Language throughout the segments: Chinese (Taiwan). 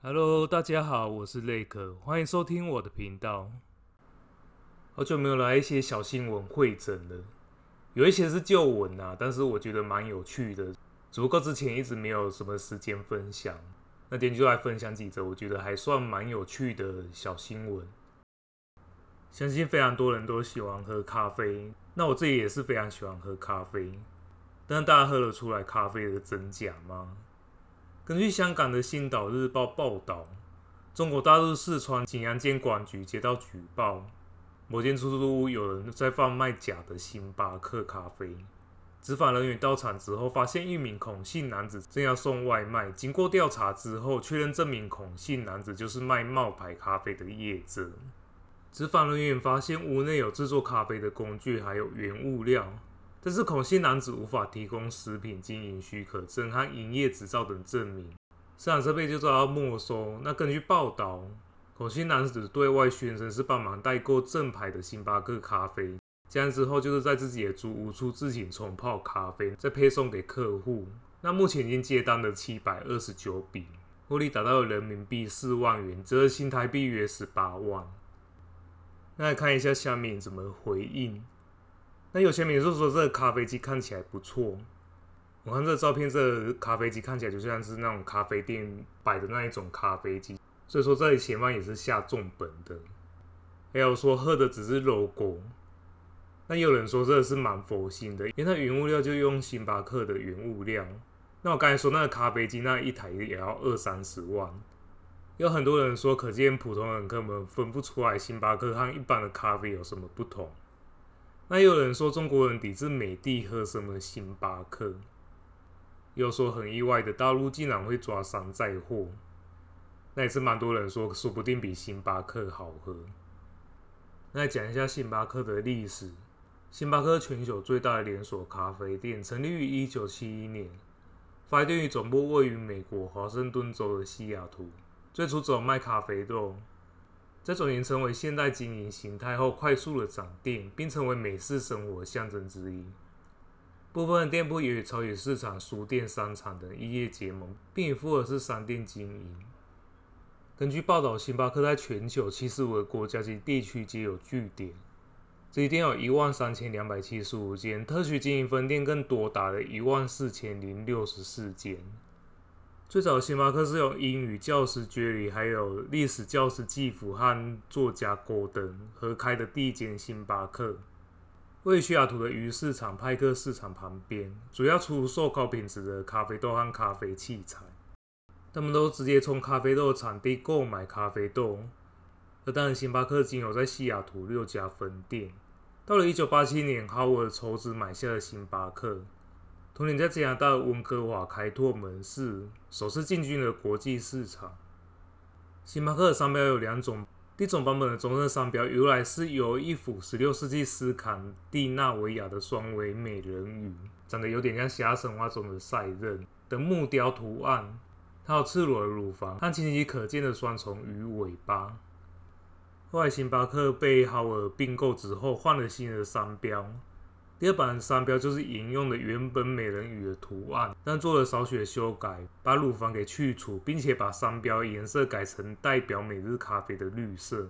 Hello，大家好，我是 Lake，歡迎收聽我的頻道。好久沒有來一些小新聞會診了，有一些是舊聞啊，但是我覺得蠻有趣的，只不過之前一直沒有什麼時間分享，那天就來分享幾則，我覺得還算蠻有趣的小新聞。相信非常多人都喜歡喝咖啡，那我自己也是非常喜歡喝咖啡，但大家喝得出來咖啡的真假嗎？根據香港的《星島日報》報道，中國大陸四川景陽監管局接到舉報，某間出租屋有人在販賣假的星巴克咖啡。執法人員到場之後，發現一名孔姓男子正要送外賣。經過調查之後，確認這名孔姓男子就是賣冒牌咖啡的業者。執法人員發現屋內有製作咖啡的工具，還有原物料。但是孔姓男子無法提供食品經營許可證和營業執照等證明，生產設備就遭到沒收。那根據報道，孔姓男子對外宣稱是幫忙代購正牌的星巴克咖啡，這樣之後就是在自己的租屋處自行沖泡咖啡，再配送給客戶。那目前已經接單了的七百二十九筆，獲利達到了人民幣四萬元，折合新台幣約十八萬。那來看一下下面怎麼回應。那有些民眾說，這個咖啡機看起來不錯。我看這照片，這個咖啡機看起來就像是那種咖啡店擺的那一種咖啡機，所以說這裡前方也是下重本的。還有說喝的只是 logo。那有人說這個是蠻佛心的，因為它原物料就用星巴克的原物料。那我剛才說那個咖啡機那一台也要二三十萬。有很多人說，可見普通人根本分不出來星巴克和一般的咖啡有什麼不同。那有人說中國人抵制美帝喝什麼星巴克，又說很意外的大陸竟然會抓山寨貨，那也是蠻多人說，說不定比星巴克好喝。那講一下星巴克的歷史，星巴克全球最大的連鎖咖啡店，成立於一九七一年，發店於總部位於美國華盛頓州的西雅圖，最初只有賣咖啡豆。這種已經成為現代經營形態後，快速的展店，並成為美式生活的象徵之一。部分店鋪也與超市、市場、書店、商場等異業結盟，並以複合式商店經營。根據報道，星巴克在全球75個國家及地區皆有據點，直營店有一萬三千兩百七十五間，特許經營分店更多，達了一萬四千零六十四間。最早，星巴克是由英語教師傑里，還有歷史教師吉夫和作家郭登合開的第一間星巴克，位於西雅圖的魚市場派克市場旁邊，主要出售高品質的咖啡豆和咖啡器材。他們都直接從咖啡豆的產地購買咖啡豆。而當然，星巴克僅有在西雅圖六家分店。到了一九八七年，霍爾籌資買下了星巴克。同年，在加拿大溫哥華開拓門市，首次進軍了國際市場。星巴克的商標有兩種，第一種版本的棕色商標，由來是由一幅十六世紀斯堪的納維亞的雙尾美人魚，長得有點像希臘神話中的塞壬的木雕圖案，它有赤裸的乳房，和清晰可見的雙重魚尾巴。後來，星巴克被豪爾併購之後，換了新的商標。第二版的商標就是引用的原本美人魚的圖案，但做了少許的修改，把乳房給去除，並且把商標顏色改成代表每日咖啡的綠色，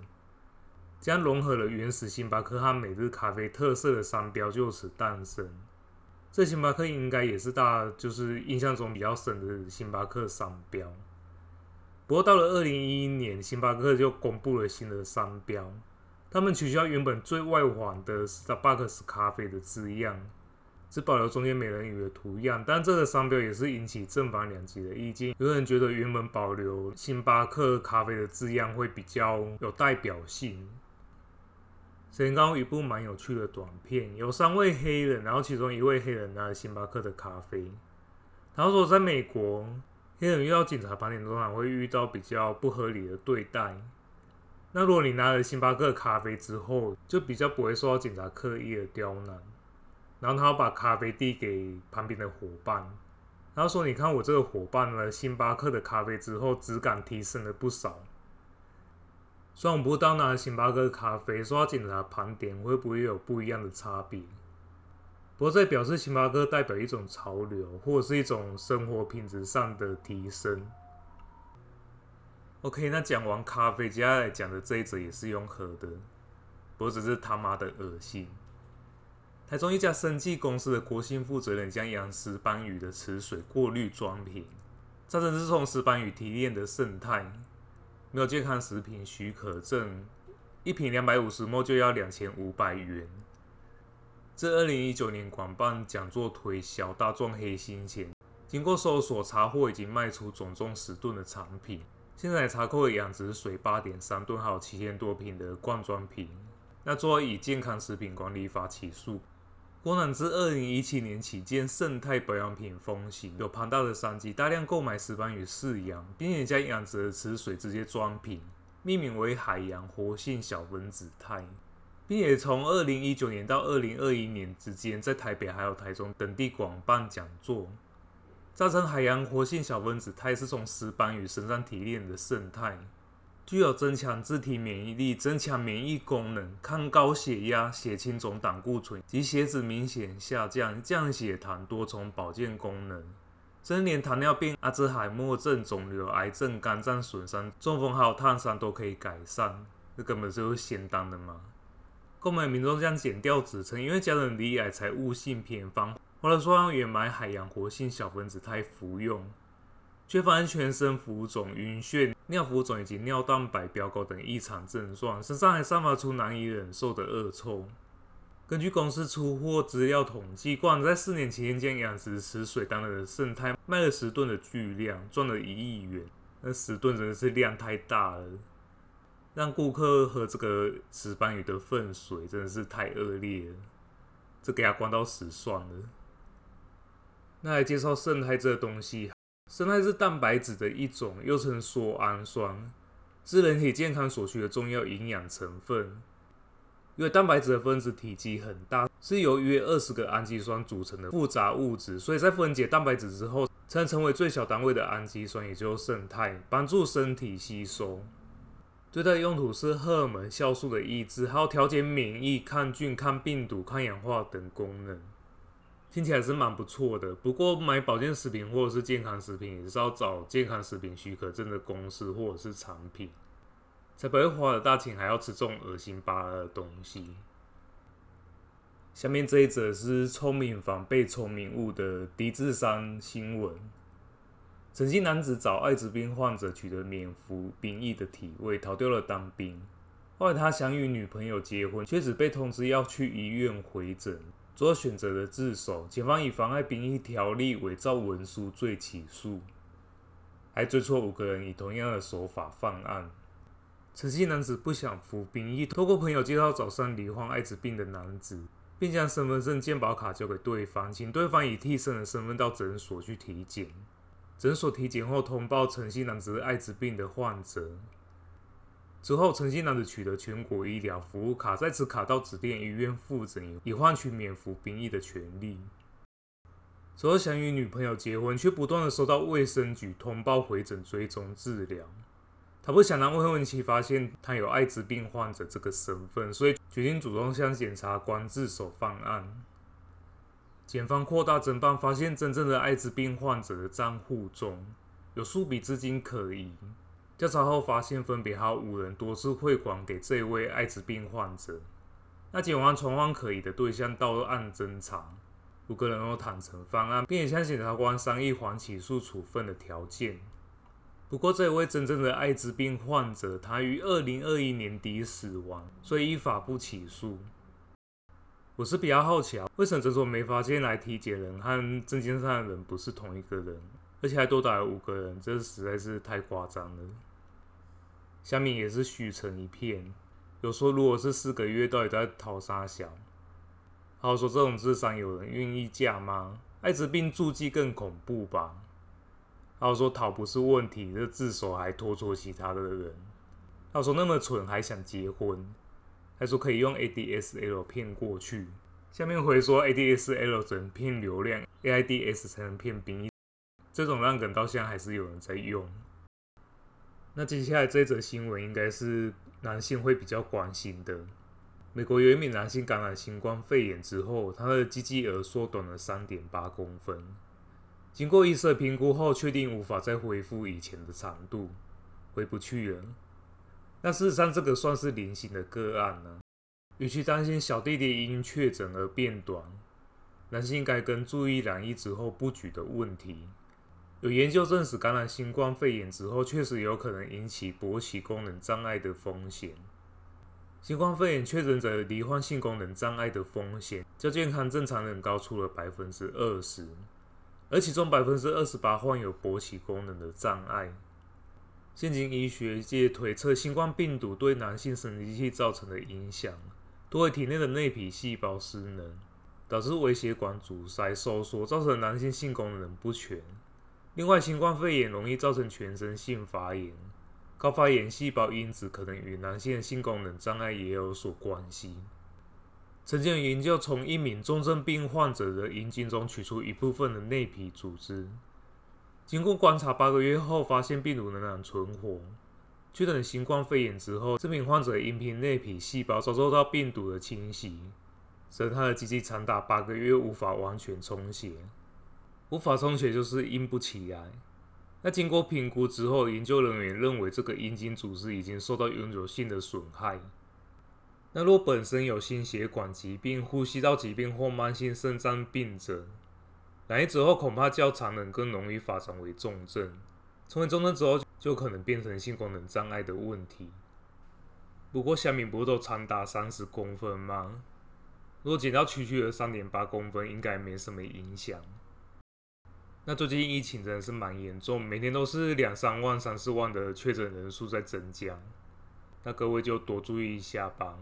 這樣融合了原始星巴克和每日咖啡特色的商標就此誕生。這星巴克應該也是大家就是印象中比較深的星巴克商標。不過到了二零一一年，星巴克就公布了新的商標。他們取消原本最外環的 Starbucks 咖啡的字樣，只保留中間美人魚的圖樣。但這個商標也是引起正反兩極的意見，有人覺得原本保留星巴克咖啡的字樣會比較有代表性。先講一部蠻有趣的短片，有三位黑人，然後其中一位黑人拿了星巴克的咖啡，然後說在美國黑人遇到警察盤點通常會遇到比較不合理的對待。那如果你拿了星巴克咖啡之後，就比較不會受到警察刻意的刁難。然後他把咖啡遞給旁邊的夥伴，他說：“你看我這個夥伴呢了拿了星巴克的咖啡之後，質感提升了不少。”雖然我不知道拿了星巴克咖啡，受到警察盤點會不會有不一樣的差別？不過這表示星巴克代表一種潮流，或者是一種生活品質上的提升。OK，那講完咖啡，接下來講的這一則也是用喝的，不過只是他媽的噁心。台中一家生技公司的國姓負責人將養石斑魚的池水過濾裝瓶，這正是從石斑魚提煉的胜肽，沒有健康食品許可證，一瓶兩百五十 ml 就要兩千五百元。自二零一九年廣辦講座推銷大賺黑心錢，經過搜索查獲已經賣出總重十噸的產品。現在查扣的養殖水八點三噸，還有七千多瓶的罐裝瓶。那最後以健康食品管理法起訴。郭南自二零一七年起見盛泰保養品風行，有龐大的商機，大量購買石斑魚飼養，並且將養殖的池水直接裝瓶，命名為“海洋活性小分子肽”。並且從二零一九年到二零二一年之間，在台北還有台中等地廣辦講座。造成海洋活性小分子肽，它是從石斑魚身上提煉的勝肽，具有增強自體免疫力、增強免疫功能、抗高血壓、血清總膽固醇及血脂明顯下降、降血糖多重保健功能，甚至連糖尿病、阿茲海默症、腫瘤、癌症、肝臟損傷、中風還有燙傷都可以改善，這根本就是相當的嘛！我們民眾這樣減掉職稱，因為家人離癌才悟性偏方。我的雙原買海洋活性小分子肽服用，卻發現全身浮腫、暈眩、尿浮腫以及尿蛋白飆高等異常症狀，身上還散發出難以忍受的惡臭。根據公司出貨資料統計，光在四年期間養殖池水當的生態賣了十噸的巨量，賺了一億元。那十噸真的是量太大了，讓顧客喝這個石斑魚的糞水真的是太惡劣了，這給他關到死算了。那來介紹胜肽這個東西。胜肽是蛋白質的一種，又稱縮氨酸，是人體健康所需的重要營養成分。因為蛋白質的分子體積很大，是由約二十個氨基酸組成的複雜物質，所以在分解蛋白質之後，才能成為最小單位的氨基酸，也就是胜肽，幫助身體吸收。最大的用途是荷爾蒙、酵素的抑制，還有調節免疫、抗菌、抗病毒、抗氧化等功能。聽起來是蠻不錯的，不過買保健食品或者是健康食品也是要找健康食品許可證的公司或者是產品，才不會花了大錢還要吃這種惡心巴拉的東西。下面這一則是聰明反被聰明誤的低智商新聞。曾經男子找艾滋病患者取得免服兵役的體位，逃掉了當兵。後來他想與女朋友結婚，卻只被通知要去醫院回診。做選擇的自首，警方以妨礙兵役條例偽造文書罪起訴，還追初五個人以同樣的手法犯案。陳姓男子不想服兵役，透過朋友介紹找上罹患艾滋病的男子，並將身份證、健保卡交給對方，請對方以替身的身份到診所去體檢。診所體檢後通報陳姓男子是艾滋病的患者。之後，陳姓男子取得全國醫療服務卡，再持卡到指定醫院複診，以換取免服兵役的權利。之後想與女朋友結婚，卻不斷的收到衛生局通報回診追蹤治療。他不想讓未婚妻發現他有艾滋病患者這個身份，所以決定主動向檢察官自首犯案。檢方擴大偵辦，發現真正的艾滋病患者的賬戶中有數筆資金可疑。調查後發現，分別還有五人多次匯款給這位艾滋病患者。那警方傳喚可疑的對象到案偵查，五個人都坦承犯案，並且向檢察官商議緩起訴處分的條件。不過，這位真正的艾滋病患者他於二零二一年底死亡，所以依法不起訴。我是比較好奇啊，為什麼所沒發現來體檢人和證件上的人不是同一個人，而且還多打了五個人，這實在是太誇張了。下面也是噓成一片。有說如果是四個月到底在逃啥小？他有說這種智商有人願意嫁嗎？艾滋病註記更恐怖吧？他有說逃不是問題，這自首還拖錯其他的人。他說那麼蠢還想結婚？還說可以用 ADSL 騙過去？下面回說 ADSL 只能騙流量，AIDS 才能騙兵。這種爛梗到現在還是有人在用。那接下來這則新聞應該是男性會比較關心的。美國有一名男性感染新冠肺炎之後，他的雞雞兒縮短了三點八公分。經過醫生評估後，確定無法再恢復以前的長度，回不去了。那事實上，這個算是零星的個案呢。與其擔心小弟弟因確診而變短，男性應該更注意染疫之後不舉的問題。有研究證實，感染新冠肺炎之後，確實有可能引起勃起功能障礙的風險。新冠肺炎確診者罹患性功能障礙的風險，較健康正常人高出了百分之二十，而其中百分之二十八患有勃起功能的障礙。現今醫學界推測，新冠病毒對男性生殖器造成的影響，多為體內的內皮細胞失能，導致微血管阻塞、收縮，造成男性性功能不全。另外，新冠肺炎容易造成全身性發炎，高發炎細胞因子可能與男性的性功能障礙也有所關係。曾經有研究從一名重症病患者的陰莖中取出一部分的內皮組織，經過觀察八個月後，發現病毒仍然存活。確診新冠肺炎之後，這名患者陰莖內皮細胞遭受到病毒的侵襲，使得他的雞雞長達八個月無法完全充血。無法充血就是硬不起來。那經過評估之後，研究人員認為這個陰莖組織已經受到永久性的損害。那若本身有心血管疾病、呼吸道疾病或慢性腎臟病者，來之後恐怕較常人更容易發展為重症。成為重症之後，就可能變成性功能障礙的問題。不過下面不都長達三十公分嗎？如果減到區區的三點八公分，應該沒什麼影響。那最近疫情真的是蠻嚴重，每天都是兩三萬、三四萬的確診人數在增加，那各位就多注意一下吧。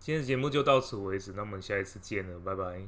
今天的節目就到此為止，那我們下一次見了，拜拜。